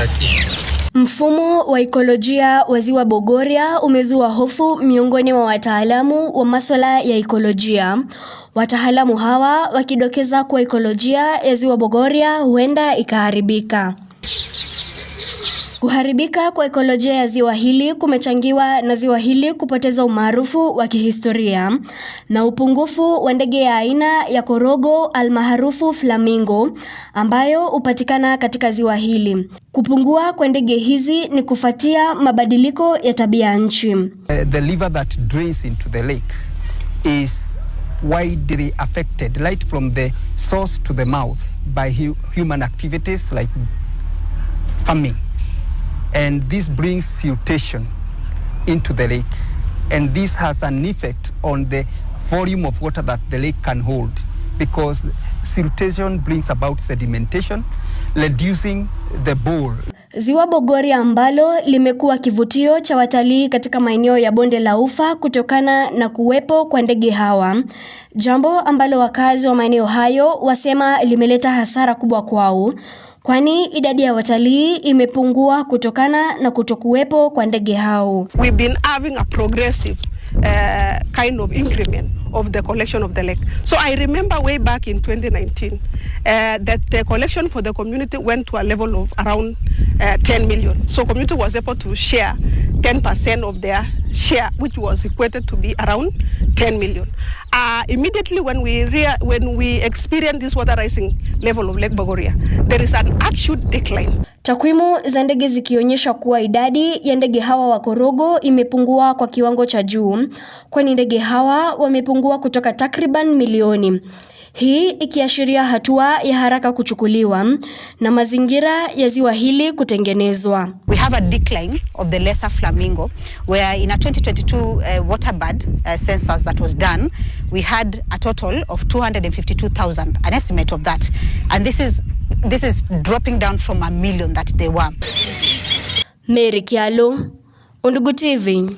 akili. Mfumo wa ikolojia wa Ziwa Bogoria umezua hofu miongoni mwa wataalamu wa masuala ya ikolojia. Wataalamu hawa wakidokeza kuwa ikolojia ya Ziwa Bogoria huenda ikaharibika. Kuharibika kwa ekolojia ya ziwa hili kumechangiwa na ziwa hili kupoteza umaarufu wa kihistoria na upungufu wa ndege ya aina ya korogo almaharufu flamingo ambayo hupatikana katika ziwa hili. Kupungua kwa ndege hizi ni kufuatia mabadiliko ya tabia nchi. Uh, the river that drains into the lake is widely affected right from the source to the mouth by human activities like farming and this brings siltation into the lake and this has an effect on the volume of water that the lake can hold because siltation brings about sedimentation reducing the bore. Ziwa Bogoria ambalo limekuwa kivutio cha watalii katika maeneo ya bonde la Ufa kutokana na kuwepo kwa ndege hawa, jambo ambalo wakazi wa maeneo hayo wasema limeleta hasara kubwa kwao kwani idadi ya watalii imepungua kutokana na kutokuwepo kwa ndege hao. We've been having a progressive Uh, kind of increment of the collection of the lake. So I remember way back in 2019 uh, that the collection for the community went to a level of around uh, 10 million. So community was able to share 10% of their share, which was equated to be around 10 million. Uh, immediately when we when we experience this water rising level of Lake Bogoria, there is an actual decline. Takwimu za ndege zikionyesha kuwa idadi ya ndege hawa wa korogo imepungua kwa kiwango cha juu, kwani ndege hawa wamepungua kutoka takriban milioni hii ikiashiria hatua ya haraka kuchukuliwa na mazingira ya ziwa hili kutengenezwa. We have a decline of the lesser flamingo where in a 2022 uh, water bird uh, census that was done we had a total of 252,000 an estimate of that and this is this is dropping down from a million that they were. Mary Kialo, Undugu TV.